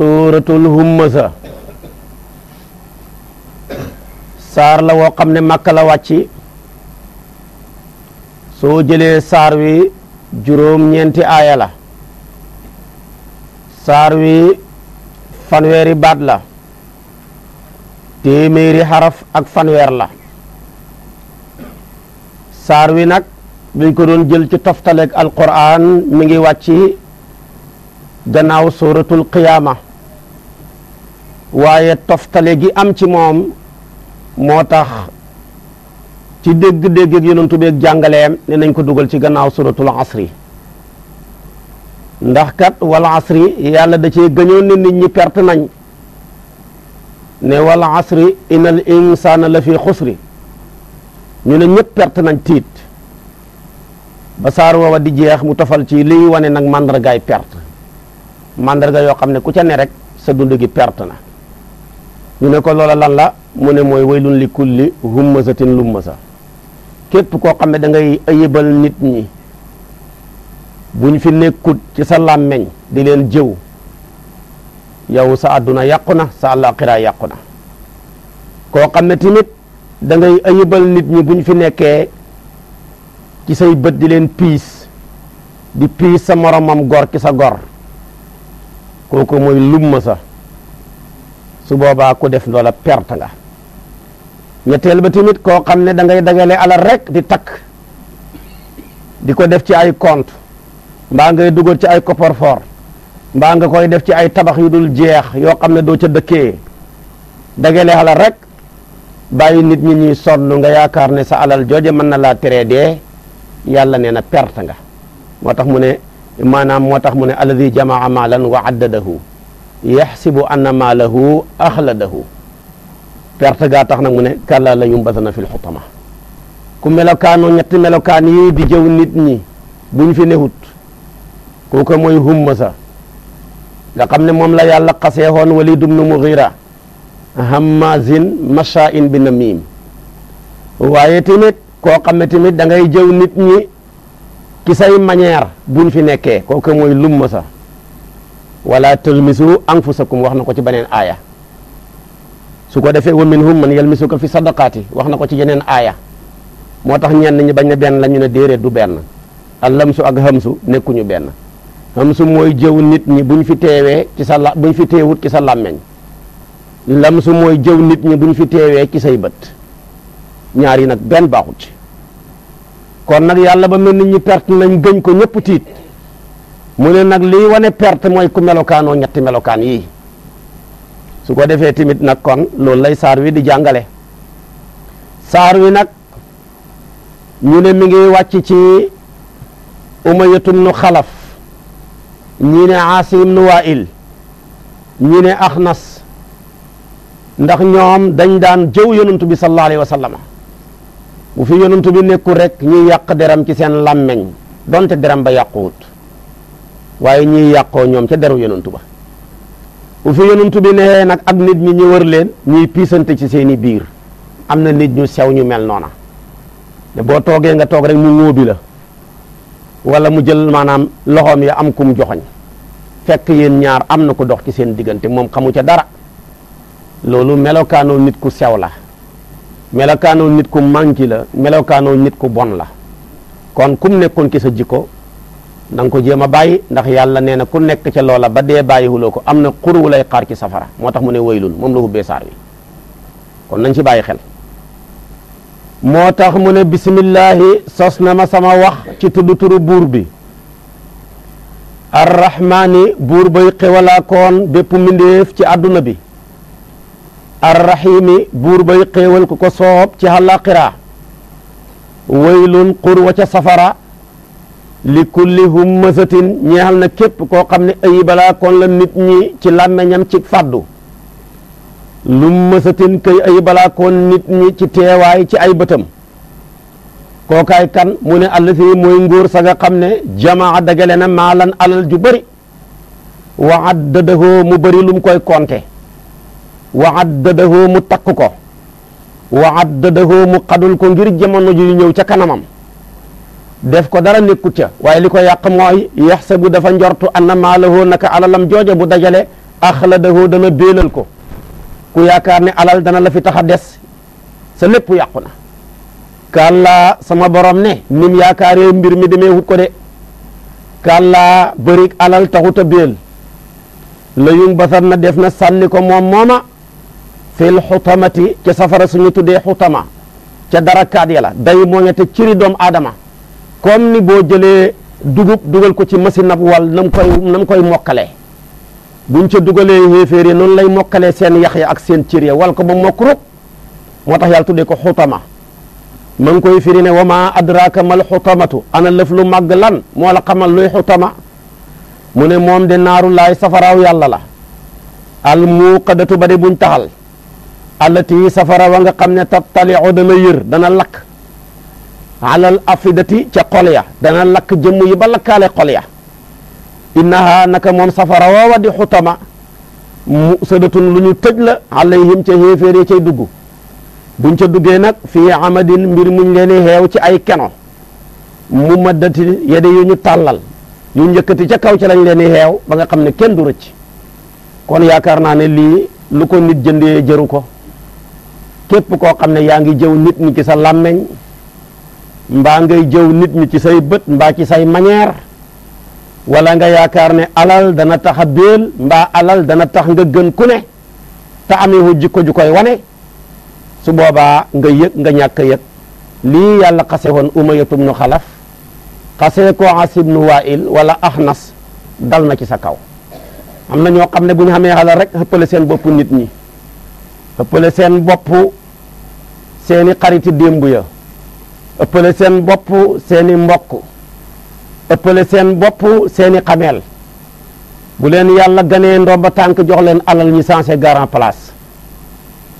suuratul humaza saar la woo xam ne màkka la wàcci soo jëlee saar wi juróom-ñeenti aaya la saar wi fanweeri baat la téeméeri xaraf ak fanweer la saar wi nag buñ ko doon jël ci toftaleeg alquran mi ngi wàcci gannaaw suratul qiyaama waaye toftale gi am ci moom moo tax ci dégg-dégg ak yonantu beeg jàngaleem ne nañ ko dugal ci gannaaw suratul asri ndax kat wal asri yàlla da cee gëñoon ne nit ñi perte nañ ne wal asri inal insaana la fi xusri ñu ne ñëpp perte nañ tiit ba saar woowa di jeex mu tofal ci liy wane nag mandargaay pert mandarga yoo xam ne ku ca ne rek sa dund gi perte na ñu ne ko loola lan la mu ne mooy waylun li kulli hummazatin lummasa képp koo xam ne da ngay nit ñi buñ fi nekkut ci sa làmmeñ di leen jëw yow sa àdduna yàqu na sa àllaaxira yàqu na koo xam ne tamit da ngay nit ñi buñ fi nekkee ci say bët di leen piis di piis sa moromam gor ci sa gor kooku mooy lumma su boobaa ku def loola perte nga ñetteel ba tamit koo xam ne da ngay dagale alal rek di takk di ko def ci ay compte mbaa ngay dugal ci ay coffre-fort mbaa nga koy def ci ay tabax yu dul jeex yoo xam ne doo ca dëkkee dagale alal rek bàyyi nit ñi ñuy sonn nga yaakaar ne sa alal jooje mën na laa teree dee yàlla nee na perte nga moo tax mu ne maanaam moo tax mu ne alladi jamaa maalan wa addadahu yaxsibu anna maalahu axladahu perte gaa tax nag mu ne kàlla la yumbatana fil xutama ku melokaanu ñetti melokaan yi di jëw nit ñi buñ fi nehut kooku mooy hummasa nga xam ne moom la yàlla xasee woon Walid ibn Mughira hammazin mashaa'in bi namim waaye tamit koo xam ne tamit da ngay jëw nit ñi ki say manière buñ fi nekkee kooku mooy lummasa wala talmisu anfusakum wax na ko ci beneen aaya su ko defee wa minhum man yalmisuka fi sadaqaati wax na ko ci yeneen aaya moo tax ñenn ñi bañ ne benn la ñu ne déedéet du benn allamsu ak hamsu nekkuñu benn hamsu mooy jëw nit ñi bu ñu fi teewee ci sa la fi teewut ci sa làmmeñ lamsu mooy jëw nit ñi buñ fi teewee ci say bët ñaari nag benn baaxut ci kon nag yàlla ba mel ni ñu perte nañ gëñ ko ñëpp tiit mu ne nag lii wane perte mooy ku melokaanoo ñetti melokaan yii su ko defee tamit nag kon loolu lay saar wi di jàngale saar wi nag ñu ne mi ngi wàcc ci umayatum nu xalaf ñi ne asim nu waa'il ñi ne axnas ndax ñoom dañ daan jëw yonantu bi sallallahu alayhi wa bu fi yonantu bi nekkul rek ñuy yàq deram ci seen làmmeñ donte deram ba yàquwut waaye ñiy yàqoo ñoom ca deru yonantu ba bu fi yonantu bi ne nag ak nit ñi ñu wër leen ñuy piisante ci seeni biir am na nit ñu sew ñu mel noona boo toogee nga toog rek mu ngóobi la wala mu jël maanaam loxoom yi am ku mu joxoñ fekk yéen ñaar am na ko dox ci seen diggante moom xamu ca dara loolu melokaanoo nit ku sew la melokaanoo nit ku manki la melokaanoo nit ku bon la kon kum nekkoon ki sa jikko na ko jéem a bàyyi ndax yàlla nee na ku nekk ca loola ba dee bàyyiwuloo ko am na xur wu lay xaar ci safara moo tax mu ne waylun moom la hubbee saar wi kon nañ ci bàyyi xel moo tax mu ne bisimillahi sos na ma sama wax ci tudd turu buur bi arrahmaani buur bay xewalaa koon bépp mbindéef ci àdduna bi arrahimi buur bay xéewal ku ko soob ci àllaaxira waylun xur wa ca safara li kulli hummazatin ñeexal na képp koo xam ne ayi balaa kon la nit ñi ci làmmeñam ci fàddu lummazatin kay ayi balaa kon nit ñi ci teewaay ci ay bëtam kookaay kan mu ne allazi mooy nguur sa xam ne jamaa dagale na maalan alal ju bari wa addadahoo mu bari lum koy konte wa addadahoo mu takk ko wa addadahoo mu xadul ko ngir jamono ju ñëw ca kanamam def ko dara nekkut ca waaye li ko yàq mooy yaxsabu dafa njortu anna maalahu naka alalam jooja bu dajale axladahu dana béelal ko ku yaakaar ni alal dana la fi tax a des sa lépp yàqu na kàllaa sama borom ne nim yaakaaree mbir mi demee wut ko de kàllaa bërig alal taxut ta béel la yum basar na def na sànni ko moom mooma fil xutamati ca safara suñu tuddee xutama ca dara kaat ya la day mooñe te ciri doom aadama comme ni boo jëlee dugub dugal ko ci machine ab wal na mu koy na mu koy mokkalee buñ ca dugalee xéeféer yi noonu lay mokkalee seen yax yi ak seen cër ya wal ko ba mokk rek moo tax yàlla tuddee ko xutama ma ngi koy firine ne wa ma adraka mal xutamatu ana lëf lu màgg lan moo la xamal luy xutama mu ne moom de naaru laay safaraaw yàlla la al muuqadatu ba de buñ taxal allati safara wa nga xam ne tattaliu dana yër dana lakk alal afidati ca xol ya dana lakk jëmm yi ba lakkaale xol ya innaha naka moom safara woowa di xutama mu sadatun lu ñu tëj la alayhim ca xéeféer ya cay dugg buñ ca duggee nag fii amadin mbir muñ leen xeew ci ay keno mu ma maddati yede yu ñu tàllal yu njëkkati ca kaw ci lañ leen xeew ba nga xam ne kenn du rëcc kon yaakaar naa ne lii lu ko nit jëndee jëru ko képp ko xam ne yaa ngi jëw nit ñi ci sa làmmeñ mbaa ngay jëw nit ñi ci say bët mbaa ci say manière wala nga yaakaar ne alal dana tax a béel mbaa alal dana tax nga gën ku ne te ameewu jikko ju koy wane su boobaa nga yëg nga ñàkk a yëg lii yàlla xase woon umayatum nu xalaf xasee ko asib nu waa'il wala nas dal na ci sa kaw am na ñoo xam ne bu ñu xamee alal rek xëppale seen bopp nit ñi xëppale seen bopp seeni xariti démb ya ëppale seen bopp seeni mbokk ëppale seen bopp seeni xameel bu leen yàlla ganee ba tànk jox leen alal ñi sensé garant place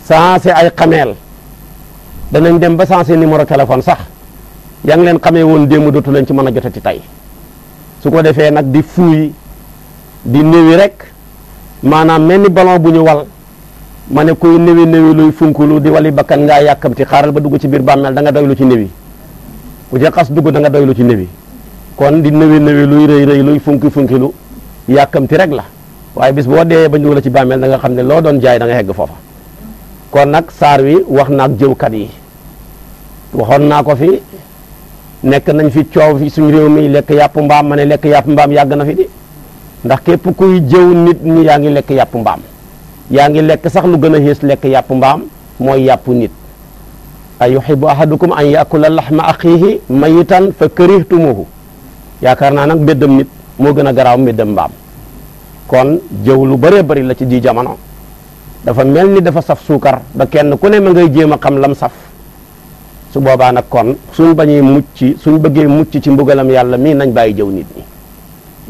sensé ay xameel danañ dem ba sensé numéro téléphone sax yaa leen xamee woon démb dootu leen ci mën a jotati tey su ko defee nag di fuuy di néwi rek maanaam mel ni ballon bu ñu wal ma ne kuy néwi néwi luy funkulu di wali bakkan ngaa yàkkamti xaaral ba dugg ci biir bàmmeel da nga doy lu ci néwi ku ca xas dugg da nga doylu ci newi kon di newi newi luy rëy rëy luy funki lu yàkkamti rek la waaye bis boo dee bañ la ci bàmmeel danga xam ne loo doon jaay da nga foofa kon nag saar wi wax naag jëwkat yi waxoon naa ko fi nekk nañ fi coow fi suñ réew mi lekk yàpp mbaam ma ne lekk yàpp mbaam yàgg na fi di ndax képp kuy jëw nit ñi yaa ngi lekk yàpp mbaam yaa ngi lekk sax lu gën a xées lekk yàpp mbaam mooy yàpp nit ay ayuhibbu ahadukum an yakula laxma axiihi mayitan fa karihtumuhu yaakaar naa nag mbeddam nit moo gën a garaaw mbeddam mbaam kon jëw lu bëree bëri la ci ji jamono dafa mel ni dafa saf suukar ba kenn ku ne ma ngay jéem a xam lam saf su boobaa nag kon suñ bañee mucci suñ bëggee mucc ci mbugalam yàlla mii nañ bàyyi jëw nit ñi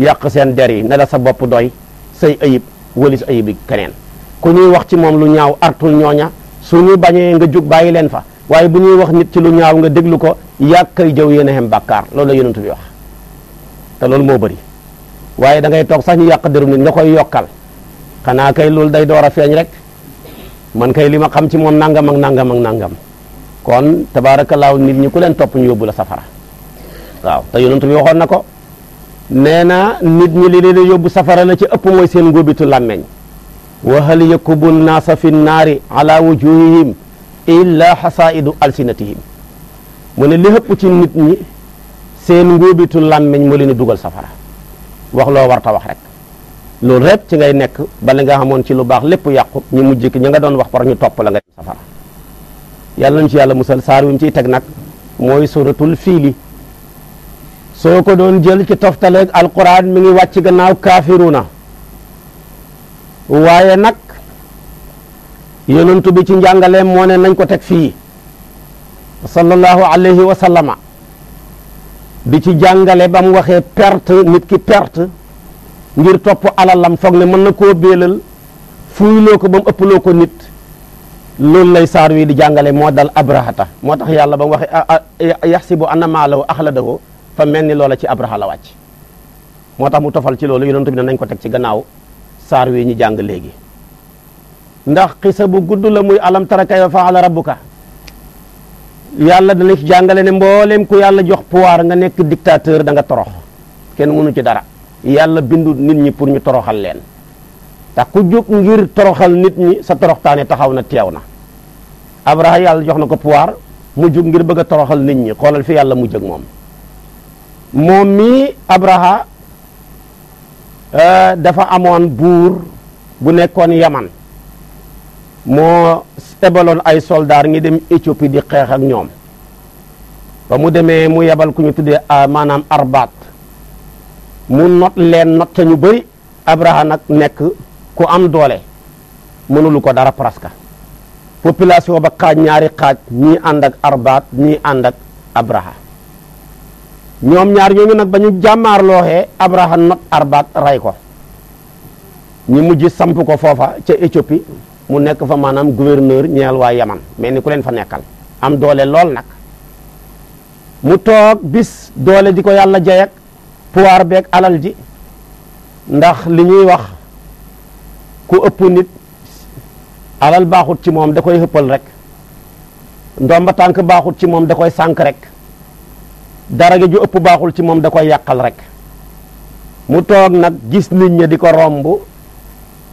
yàq seen der yi ne la sa bopp doy say ayib wëlis ayibi yi keneen ku ñuy wax ci moom lu ñaaw artul ñooña suñu bañee nga jug bàyyi leen fa waaye bu ñuy wax nit ci lu ñaaw nga déglu ko yàkkay jëw yéen a xem bàkkaar loolu la yonent bi wax te loolu moo bëri waaye da ngay toog sax ñu yàq deru nit nga koy yokkal xanaa kay loolu day door a feeñ rek man kay li ma xam ci moom nangam ak nangam ak nangam kon tabaarakallaahu nit ñi ku leen topp ñu yóbbu la safara waaw te yonent bi waxoon na ko nee na nit ñi li leen yóbbu safara la ci ëpp mooy seen ngóobitu làmmeñ wa hal yakubu naasa fi naari illa xasaidu alsinatihim mu ne li ëpp ci nit ñi seen ngóobitu làmmiñ moo leen dugal safara wax loo warta ta wax rek loolu rek ci ngay nekk bala nga xamoon ci lu baax lépp yàqu ñu mujj ki ña nga doon wax par ñu topp la nga safara yàlla nañ ci yàlla musal saar wi mu ciy teg nag mooy suratul fiili soo ko doon jël ci toftaleeg alquran mi ngi wàcc gannaaw kaafiruuna waaye nag yonentu bi ci njàngaleem moo ne nañ ko teg fii sallallahu alayhi wa sallama di ci jàngale ba mu waxee perte nit ki perte ngir topp alal alalam foog ne mën na koo béelal fuyloo ko ba mu ëpploo ko nit loolu lay saar wii di jàngale moo dal abrahata moo tax yàlla ba mu waxee yaxsibu anna maalahu axladahu fa mel ni loola ci abraha la wàcc moo tax mu tofal ci loolu yonentu bi nañ ko teg ci gannaaw saar wi ñu jàng léegi ndax xisa bu gudd la muy alam tara kayfa faala rabbuka yàlla da ci jàngale ne mbooleem ku yàlla jox pouvoir nga nekk dictateur da nga torox kenn mënu ci dara yàlla bindu nit ñi pour ñu toroxal leen te ku jóg ngir toroxal nit ñi sa toroxtaane taxaw na teew na Abraha yàlla jox na ko pouvoir mu jóg ngir bëgg a toroxal nit ñi xoolal fi yàlla mu jëg moom moom mii Abraha euh, dafa amoon buur bu nekkoon yaman moo ebaloon ay soldaar ngi dem Éthiopie di xeex ak ñoom ba mu demee mu yebal ku ñu tuddee ah, maanaam arbaat mu not leen not ñu bari Abraha nekk ku am doole mënul ko dara presque population ba xaaj ñaari xaaj ñii ànd ak arbaat ñii ànd ak Abraha ñoom ñaar ñooñu nag ba ñu jàmmaar looxee Abraha not arbaat rey ko ñi mujj samp ko foofa ca Éthiopie mu nekk fa maanaam gouverneur ñeel waa yaman mel ni ku leen fa nekkal am doole lool nag mu toog bis doole di ko yàlla jayak pouvoir beek alal ji ndax li ñuy wax ku ëpp nit alal baaxut ci moom da koy xëppal rek ndomba tànk baaxut ci moom da koy sànk rek dara ju ëpp baaxul ci moom da koy yàqal rek mu toog nag gis nit ñi di ko romb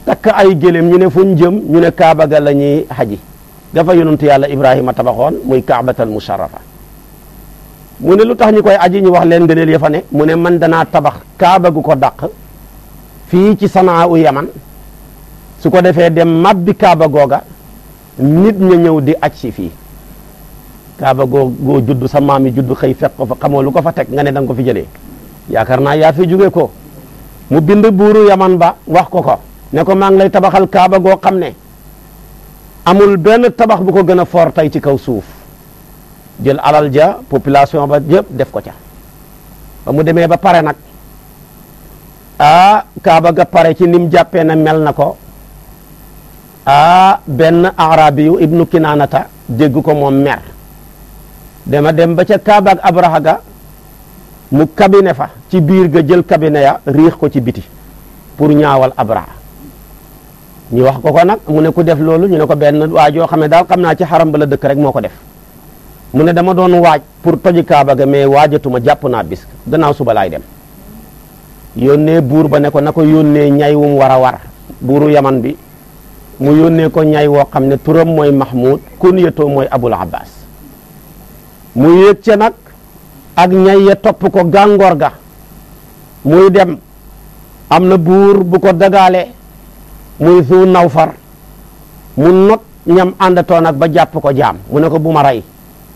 takk ay gëléem ñu ne fuñ jëm ñu ne kaaba ga la ñuy xaji dafa yonent yàlla ibrahima tabaxoon muy kaabatal musharrafa mu ne lu tax ñu koy aji ñu wax leen ngëneel ya fa ne mu ne man danaa tabax kaaba gu ko dàq fii ci sanaa u yaman su ko defee dem mabbi kaaba googa nit ña ñëw di aj fii kaaba goo goo judd sa maam yi judd xëy fekk ko fa xamoo lu ko fa teg nga ne da nga ko fi jëlee yaakaar naa yaa fi jóge ko mu bind buuru yaman ba wax ko ko ne ko maa ngi lay tabaxal kaaba goo xam ne amul benn tabax bu ko gën a foor tey ci kaw suuf jël alal ja population ba yëpp def ko ca ba mu demee ba pare nag aa ah, kaaba ga pare ci nim jàppee na mel na ko aa ah, benn arabi yu ibnu kinaanata dégg ko moom mer dema dem ba ca kaaba ak abraha ga mu kabine fa ci biir ga jël kabine ya riix ko ci biti pour ñaawal abraha ñu wax ko ko nag mu ne ku def loolu ñu ne ko benn waa joo xam ne daal xam na ci xaram bala dëkk rek moo ko def mu ne dama doon waaj pour toji kaaba ga mais waajatuma jàpp naa bis gannaaw suba laay dem yónnee buur ba ne ko na ko yónnee ñay wum war a war buuru yaman bi mu yónnee ko ñay woo xam ne turam mooy mahmoud kunyatoo mooy abul abbas mu yéeg ca nag ak ñay ya topp ko gàngoor ga muy dem am na buur bu ko dagaale muy zu naw far mu not ñam àndatoon ak ba jàpp ko jaam mu ne ko bu maray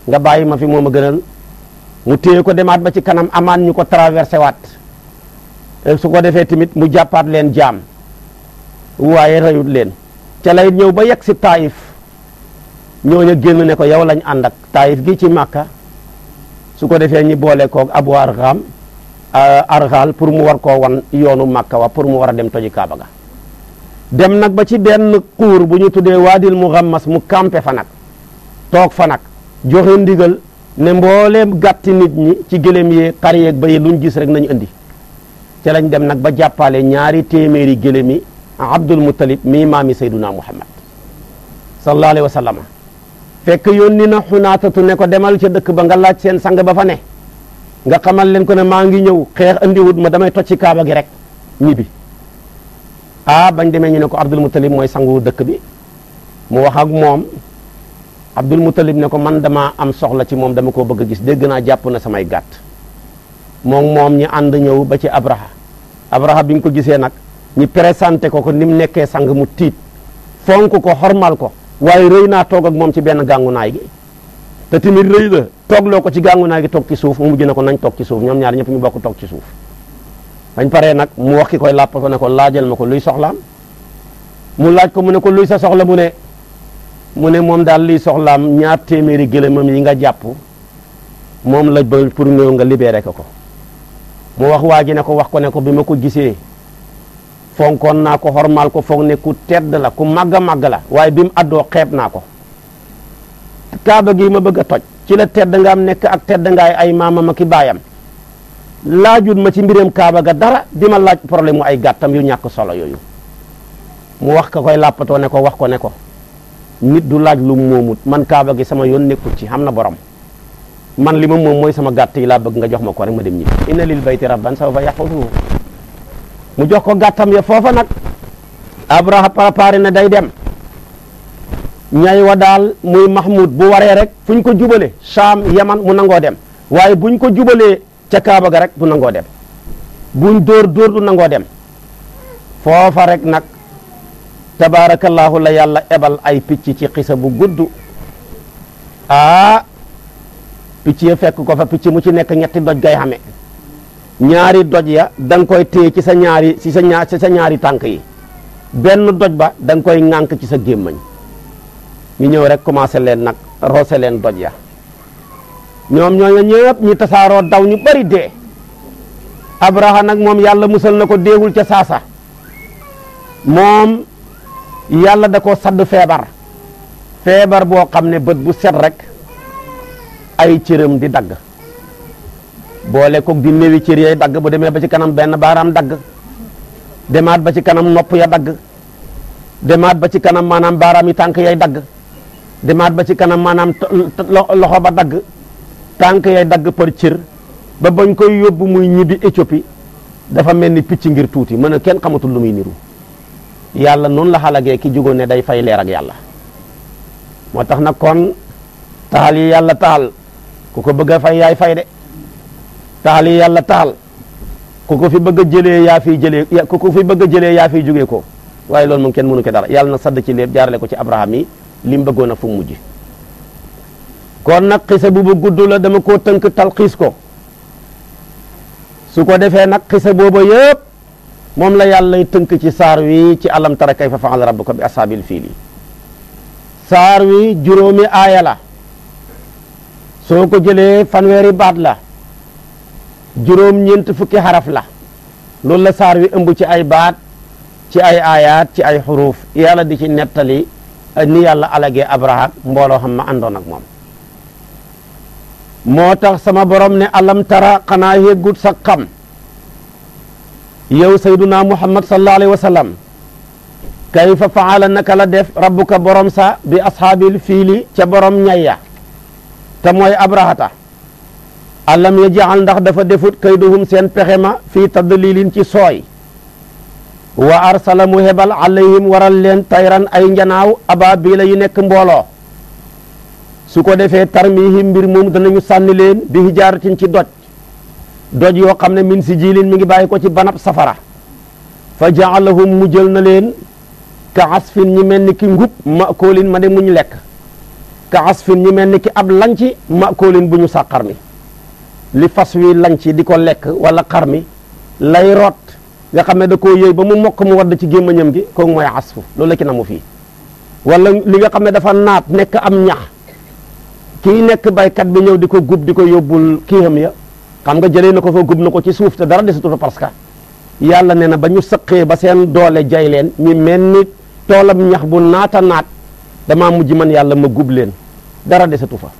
nga bàyyi ma fi moo ma gënal mu téye ko demaat ba ci kanam amaan ñu ko traversé waat su ko defee tamit mu jàppaat leen jaam waaye reyut leen ca lay ñëw ba yegg si taayif ñooñu génn ne ko yow lañ ànd ak taayif gi ci màkka su ko defee ñi boole koog abu arxaam euh, arxaal pour mu war koo wan yoonu màkka wa pour mu war a dem toji kaaba ga dem nag ba ci benn xuur bu ñu tuddee waadil muxammas mu kampe fa nag toog fa nag joxe ndigal ne mbooleem gàtti nit ñi ci gëlëm yee xar yeeg ba yi luñ gis rek nañu indi ca lañ dem nag ba jàppale ñaari téeméeri gëlëm yi Abdul Muttalib mii maami Sayduna Muhammad sallallahu alayhi wa sallam fekk yónni na xunaatatu ne ko demal ca dëkk ba nga laaj seen sang ba fa nga xamal leen ko ne maa ngi ñëw xeex andiwut ma damay tocc kaaba gi rek ñibbi ah bañ demee ñu ne ko Abdul Muttalib mooy sangu dëkk bi mu wax ak moom Abdul Muttalib ne ko man damaa am soxla ci moom dama koo bëgg a gis dégg naa jàpp na samay gàtt moom moom ñu ànd ñëw ba ci Abraha Abraha bi ñu ko gisee nag ñu sante ko ko ni mu nekkee sang mu tiit fonk ko xormal ko waaye rëy naa toog ak moom ci benn gàngunaay gi te tamit rëy la toogloo ko ci gàngunaay gi toog ci suuf mu mujj na ko nañ toog ci suuf ñoom ñaar ñëpp ñu bokk toog ci suuf bañ paree nag mu wax ki koy làpp ko ne ko laajal ma ko luy soxlaam mu laaj ko mu ne ko luy sa soxla mu ne mu ne moom daal luy soxlaam ñaar téeméeri gëlëmam yi nga jàpp moom la ba pour ñëw nga libéré ko ko mu wax waa ji ne ko wax ko ne ko bi ma ko gisee fonkoon naa ko xormaal ko foog ne ku tedd la ku màgg a màgg la waaye bi mu addoo xeeb naa ko kaaba gi ma bëgg a toj ci la tedd nga am nekk ak tedd ngaay ay maamam ak i baayam laajut ma ci mbiram kaaba ga dara di ma laaj problème mu ay gàttam yu ñàkk solo yooyu mu wax ka koy làppatoo ne ko wax ko ne ko nit du laaj lu moomut man kaaba gi sama yoon nekkul ci xam na borom man li ma moom mooy sama gàtt yi laa bëgg nga jox ma ko rek ma dem ñi inna lil bayti rabban sawfa yaqudu mu jox ko gàttam ya foofa nag abraha préparé na day dem ñay wa daal muy mahmoud bu waree rek fu ñu ko jubale Sham yaman mu nangoo dem waaye buñ ca Kaaba ga rek du nangoo dem bu dóor dóor du nangoo dem foofa rek nag tabaarakallaahu la yàlla ebal ay picc ci xisa bu gudd aa picc ya fekk ko fa picc mu ci nekk ñetti doj gay xame ñaari doj ya da koy téye ci sa ñaari si sa sa ñaari tànk yi benn doj ba da koy ŋànk ci sa gémmañ ñu ñëw rek commencé leen nag roose leen doj ya ñoom ñooñu ñëpp ñi tasaaroo daw ñu bari dee abraha nag moom yàlla musal na ko deewul ca saasa moom yàlla da ko sadd feebar feebar boo xam ne bët bu set rek ay cëram di dagg boole koog di néewi cër yay dagg bu demee ba ci kanam benn baaraam dagg demaat ba ci kanam nopp ya dagg demaat ba ci kanam maanaam baaraam yi tànk yay dagg demaat ba ci kanam maanaam loxo ba dagg tànk yay dagg par cër ba bañ koy yóbbu muy ñibbi Éthiopie dafa mel ni picc ngir tuuti mën a kenn xamatul lu muy niru yàlla noonu la xalagee ki jugoon ne day fay leer ak yàlla moo tax nag kon taxal yi yàlla taal ku ko bëgg a fay yaay fay de taxal yi yàlla taxal ku ko fi bëgg a jëlee yaa fiy jëlee ku ko fi bëgg jëlee yaa fiy jugee ko waaye loolu moom ken munu ko dara yàlla na sadd ci lépp jaar ko ci Abraham yi li mu bëggoon a fu mujj kon nag xisa bu bu gudd la dama koo tënk talxiis ko su ko defee nag xisa booba yëpp moom la yàlla tënk ci saar wi ci alam tara kayfa fa'ala ko bi ashaabil fiil yi saar wi juróomi aaya la soo ko jëlee fanweeri baat la juróom-ñeent fukki xaraf la loolu la saar wi ëmb ci ay baat ci ay aayaat ci ay xuruuf yàlla di ci nettali ni yàlla alagee abraham mbooloo xam ma àndoon ak moom moo tax sama borom ne alam tara xanaa yëggut sa xam yow sayduna muhammad sallallahu alayhi wa sallam kayfa faala naka la def rabbuka borom sa bi ashaabil fiili ca borom ñayya te mooy abrahata alam yaj'al ndax dafa defut kayduhum seen pexe ma fii tadlilin ci sooy wa arsala mu hebal alayhim waral leen tayran ay njanaaw ababila yi nekk mbooloo su ko defee tarmihim mbir moom danañu sànni leen bi hijaaratin ci doj doj yoo xam ne min si jiilin mi ngi bàyyi ko ci banab safara fa jaalahum mu jël na leen ka asfin ñi mel ni ki ngub makoolin ma de muñ lekk ka asfin mel ni ki ab lanci makoolin bu ñu sàqar mi li fas wi lanci di ko lekk wala xar mi lay rot nga xam ne da koo yëy ba mu mokk mu wadd ci gémmañam gi kooku mooy asfu loolu la namu fii wala li nga xam ne dafa naat nekk am ñax kii nekk baykat bi ñëw di ko gub di ko yóbbul kii am ya xam nga jëlee na ko fa gub na ko ci suuf te dara desatu fa parce que yàlla ne na ba ñu sëqee ba seen doole jay leen ñi mel ni toolam ñax bu naata naat damaa mujj man yàlla ma gub leen dara desatu fa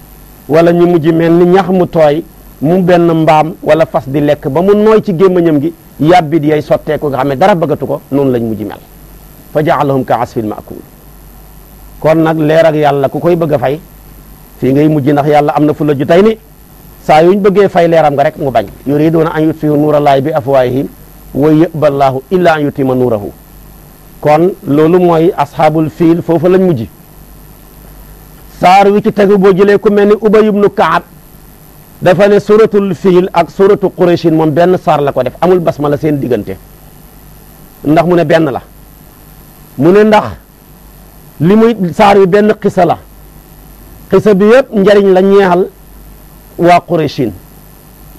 wala ñu mujj mel ni ñax mu tooy mu benn mbaam wala fas di lekk ba mu nooy ci gémmañam gi yàbbit yay sotteeku nga xam ne dara bëggatu ko noonu lañ mujj mel fa jaalahum ka asfil maakul kon nag leer ak yàlla ku koy bëgg a fay fii ngay mujj ndax yàlla am na fu la ju tey ni saa yuñ bëggee fay leeram nga rek mu bañ yuriduuna an yutfiu nuurallaahi bi afwaahihim wa yëba allaahu illaa an yutima nuurahu kon loolu mooy ashaabul fiil foofu lañ mujj saar wi ci tegu boo jëlee ku mel ni ubay ibnu kaab dafa ne suratul fiil ak suratu quraychin moom benn saar la ko def amul basmala seen diggante ndax mu ne benn la mu ne ndax li muy saar wi benn xisa la xisa bi yëpp njariñ la ñeexal waa Qurayshin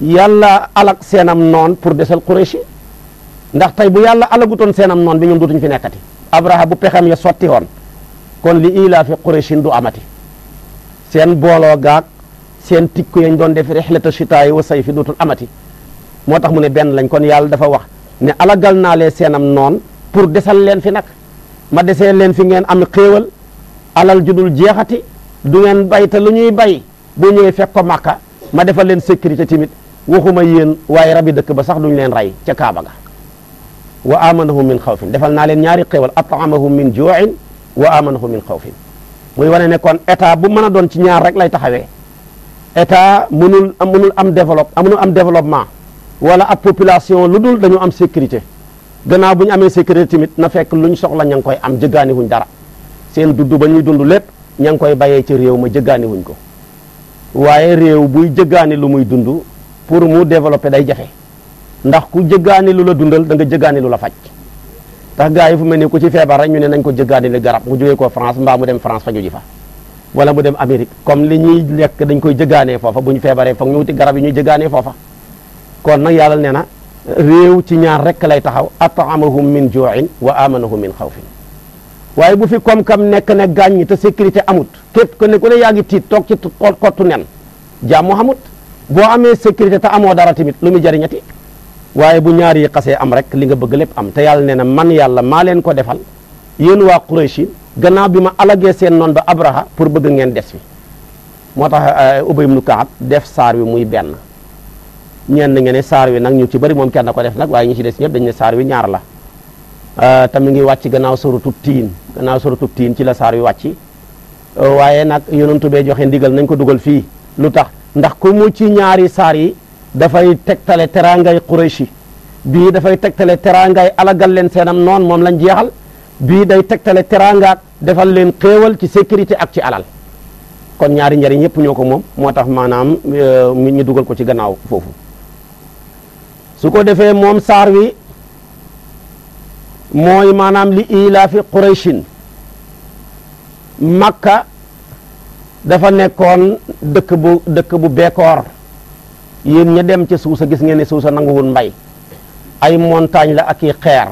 yàlla alak seenam noon pour desal Qurayshi ndax tey bu yàlla alagutoon seenam noon bi ñoom dootuñ fi nekkati Abraha bu pexem ya sotti woon kon li ilaa fi Qurayshin du amati seen booloo gaag seen tikku yañ doon def rihlata shitaayi wa sayfi dootul amati moo tax mu ne benn lañ kon yàlla dafa wax ne alagal naa lee seenam noon pour desal leen fi nag ma desee leen fi ngeen am xéewal alal dul jeexati du ngeen bay te lu ñuy bay bu ñëwee fekk ko Makka ma defal leen sécurité tamit waxuma yéen waaye rabi dëkk ba sax duñ leen rey ca Kaaba ga wa amanahum min xawfin defal naa leen ñaari xéewal atamahum min juuin wa amanahum min xawfin muy wane ne kon état bu mën a doon ci ñaar rek lay taxawee état mënul mënul am développe mënul am développement wala ab population lu dul dañu am sécurité gannaaw bu ñu amee sécurité tamit na fekk luñ soxla ña ngi koy am jëggaani wuñ dara seen dudd ba ñuy dund lépp ña ngi koy bayee ci réew ma jëggaani wuñ ko waaye réew buy jëggaani lu muy dund pour mu développer day jafe ndax ku jëggaani lu la dundal da nga jëggaani lu la faj tax gars yi fu mel ni ku ci feebar ñu ne nañ ko jëggaani li garab mu jógee ko France mbaa mu dem France faju ji fa wala mu dem Amérique comme li ñuy lekk dañ koy jëggaanee foofa bu ñu feebare foog ñu wuti garab yi ñuy jëggaanee foofa kon nag yàlla nee na réew ci ñaar rek lay taxaw at'amahum min ju'in wa amanahum min xawfin waaye bu fi koom-kam nekk ne gàññi te sécurité amut képp ku ne ku ne yaa ngi tiit toog ci kottu nen jàmm amut boo amee sécurité te amoo dara tamit lu muy jëriñati waaye bu ñaar yi xasee am rek li nga bëgg lépp am te yàlla nee na man yàlla maa leen ko defal yéen waa Quraysh gannaaw bi ma alagee seen noon ba Abraha pour bëgg ngeen des fi moo tax euh, Ubay ibn Kaab def saar wi muy benn ñeen na ngeen ne saar wi nag ñu ci bëri moom kenn ko def nag waaye ñu ci des ñëpp dañ saar wi ñaar la Euh, te mi ngi wàcc gannaaw suratu tiin gannaaw suratu tiin ci la saar yu wàcc euh, waaye nag yonentu bee joxe ndigal nañ ko dugal fii lu tax ndax ko mu ci ñaari saar yi dafay tegtale teraangay Qurayshi bii dafay tegtale teraangay alagal leen seenam noon moom lañ jeexal bii day tegtale teraangaak defal leen xéewal ci sécurité ak ci alal kon ñaari njariñ yëpp ñoo ko moom moo tax maanaam euh, ñi dugal ko ci gannaaw foofu su ko defee moom saar wi mooy maanaam li ilaafi qurayshin makka dafa nekkoon dëkk bu dëkk bu bekkoor yéen ña dem ca suusa gis ngeen ne suusa nanguwul mbay ay montagne la ak i xeer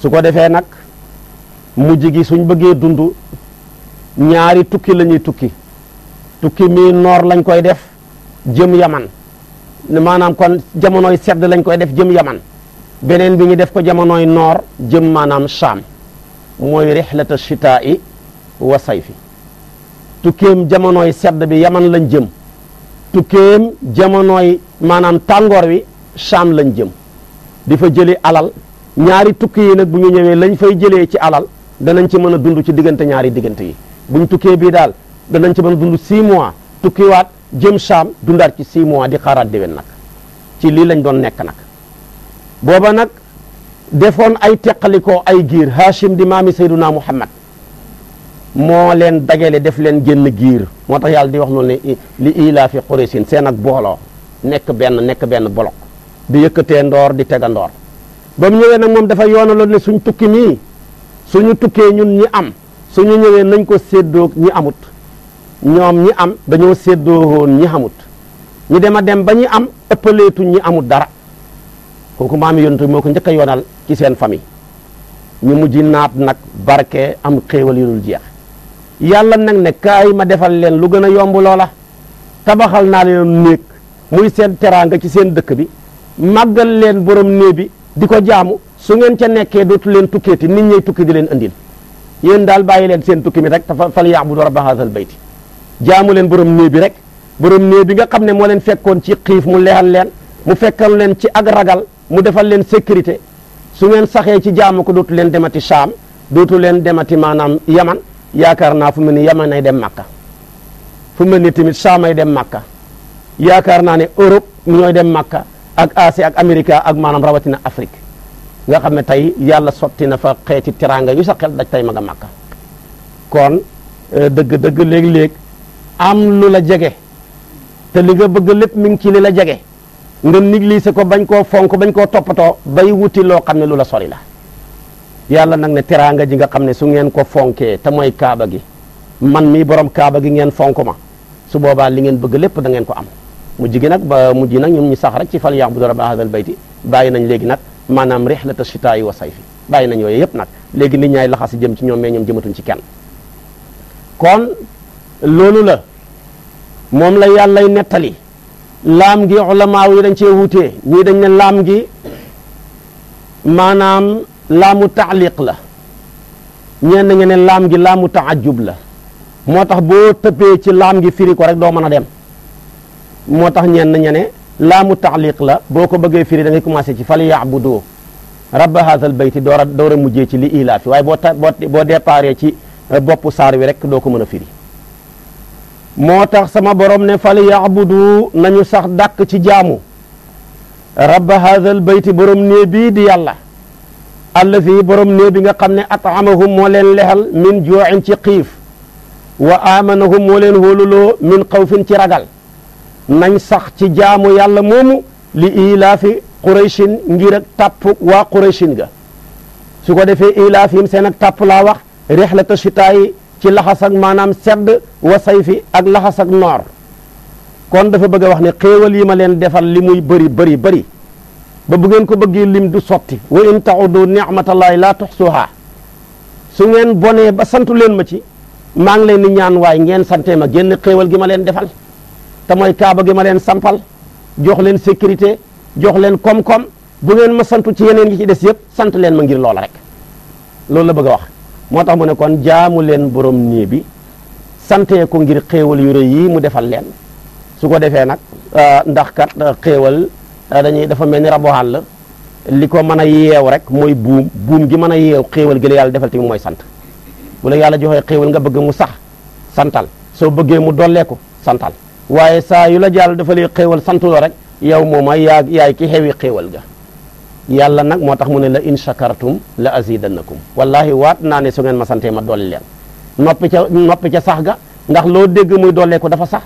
su ko defee nag mujj suñ bëggee dund ñaari tukki lañuy tukki tukki mii noor lañ koy def jëm yaman maanaam kon jamonoy sedd lañ koy def jëm yaman beneen bi ñu def ko jamonooy noor jëm maanaam Sham mooy rihlata shitaa'i wa sayfi tukkeem jamonooy sedd bi yaman lañ jëm tukkeem jamonooy maanaam tàngoor wi Sham lañ jëm di fa jëlee alal ñaari tukki yi nag bu ñu ñëwee lañ fay jëlee ci alal danañ ci mën a dund ci diggante ñaari diggante yi buñ tukkee bii daal danañ ci mën a dund 6 mois tukkiwaat jëm Sham dundaat ci 6 mois di xaaraat déwén nag ci lii lañ doon nekk nag booba nag defoon ay teqalikoo ay giir Hachim di maami Sayyiduna Muhammad moo leen dagale def leen génn giir moo tax yàlla di wax loolu ne li ilaa fi Qurayshin seen ak booloo nekk benn nekk benn bolo di yëkkatee ndoor di tega ndoor ba mu ñëwee nag moom dafa yoonaloon ne suñ tukki nii suñu tukkee ñun ñi am suñu ñëwee nañ ko séddoog ñi amut ñoom ñi am dañoo séddoowoon ñi xamut ñu dem a dem ba ñi am ëppaleetuñ ñi amut dara kooku maami yonent bi moo ko njëkk a yoonal ci seen famille ñu mujj naat nag barke am xéewal yu dul jeex yàlla nag ne kaay ma defal leen lu gën a yomb loola tabaxal naa leen néeg muy seen teraanga ci seen dëkk bi màggal leen borom néeg bi di ko jaamu su ngeen ca nekkee dootu leen tukkeeti nit ñey tukki di leen andil yéen daal bàyyi leen seen tukki mi rek dafa fal ya'budu rabba haazal bayti jaamu leen borom néeg bi rek borom néeg bi nga xam ne moo leen fekkoon ci xiif mu lehal leen mu fekkal leen ci ak ragal mu defal leen sécurité su ngeen saxee ci jaamu ko dootu leen demati Saam dootu leen demati maanaam yaman yaakaar naa fu mu ne yaman ay dem Makka fu mu ne tamit Saam ay dem Makka yaakaar naa ne Europe ñooy dem Makka ak Asie ak Amérique ak maanaam rawatina afric nga xam ne tey yàlla sotti na fa xeeti teraanga yu sa xel daj tey ma nga Makka kon euh, dëgg-dëgg léeg-léeg am lu la jege te li nga bëgg lépp mi ngi ci li la jege. nga négliger ko bañ koo fonk bañ koo toppatoo bay wuti loo xam ne lu la sori la yàlla nag ne teraanga ji nga xam ne su ngeen ko fonkee te mooy kaaba gi man mii borom kaaba gi ngeen fonk ma su boobaa li ngeen bëgg lépp da ngeen ko am mujj gi nag ba mujj nag ñun ñu sax rek ci fal ya'budu rabba hadal bayti bàyyi nañ léegi nag maanaam rihlata shitaa'i wa sayfi bàyyi nañ yooyu yëpp nag léegi nit ñaay laxas jëm ci ñoom mais ñoom jëmatuñ ci kenn kon loolu la moom la nettali laam gi ulamaaw yi dañ cee wutee ñii dañ ne laam gi maanaam laamu taaliq la ñenn nga ne laam gi laamu taajub la moo tax boo tëppee ci laam gi firi ko rek doo mën a dem moo tax ñenn ña ne laamu taaliq la boo ko bëggee firi da ngay commencé ci fal yaabudu rabba haazal bayti door a door a mujjee ci li ilaafi waaye boo boo boo déparé ci boppu saar wi rek doo ko mën a firi moo tax sama borom ne fal yaabudu nañu sax dàkk ci jaamu rabba haadal bayti borom nee bii di yàlla fi borom nee bi nga xam ne ataamahum moo leen lexal min juuin ci xiif wa amanahum moo leen hóoluloo min xawfin ci ragal nañ sax ci jaamu yàlla moomu li ilaafi quraychin ngir ak tàpp waa ga su ko defee ilaafihim seen ak tàpp laa wax rexlata chitaayi ci laxas ak maanaam sedd wa sayfi ak laxas ak noor kon dafa bëgg a wax ne xéewal yi ma leen defal li muy bëri bëri bëri ba bu ngeen ko bëggee lim du sotti wa in taudu nicmatallaahi laa tuxsuha su ngeen bonee ba santu leen ma ci maa ngi leen di ñaan waay ngeen sante ma génn xéewal gi ma leen defal te mooy kaaba gi ma leen sampal jox leen sécurité jox leen koom-koom bu ngeen ma santu ci yeneen yi ci des yëpp sant leen ma ngir loola rek loolu la bëgg a wax moo tax mu ne kon jaamu leen boroom nii bi santee ko ngir xéewal yu rëy yii mu defal leen su ko defee nag euh, ndax kat euh, xéewal euh, dañuy dafa mel ni rabu àll li ko mën a yeew rek mooy buum buum gi mën a yeew xéewal gi la yàlla defal ti mooy sant bu la yàlla joxee xéewal nga bëgg mu sax santal soo bëggee mu dolleeku santal waaye saa yu la jàll dafa lay xéewal santu la rek yow mooma yaa yaay ki xewi xéewal ga yàlla nag moo tax mu ne la in shakartum la azidannakum wallahi waat naa ne su ngeen ma santee ma dolli leen noppi ca noppi ca sax ga ndax loo dégg muy ko dafa sax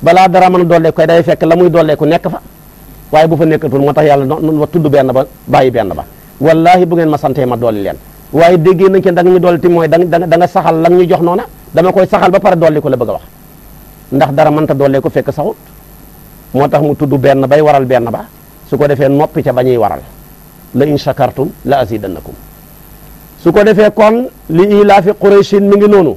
balaa dara mën a dolleeku kay day fekk la muy dolleeku nekk fa waaye bu fa nekkatul moo tax yàlla noonu wa tudd benn ba bàyyi benn ba wallahi bu ngeen ma santee ma dolli leen waaye déggee nañ ci ñu dolli ti mooy da nga da saxal la ñu jox noona dama koy saxal ba pare dolli ko la bëgg a wax ndax dara mënta dolli ko fekk saxut moo tax mu tudd benn bay waral benn ba su ko defee noppi ca ba ñuy waral la in shakartum la azidannakum su ko defee kon li ilaafi qurayshin mi ngi noonu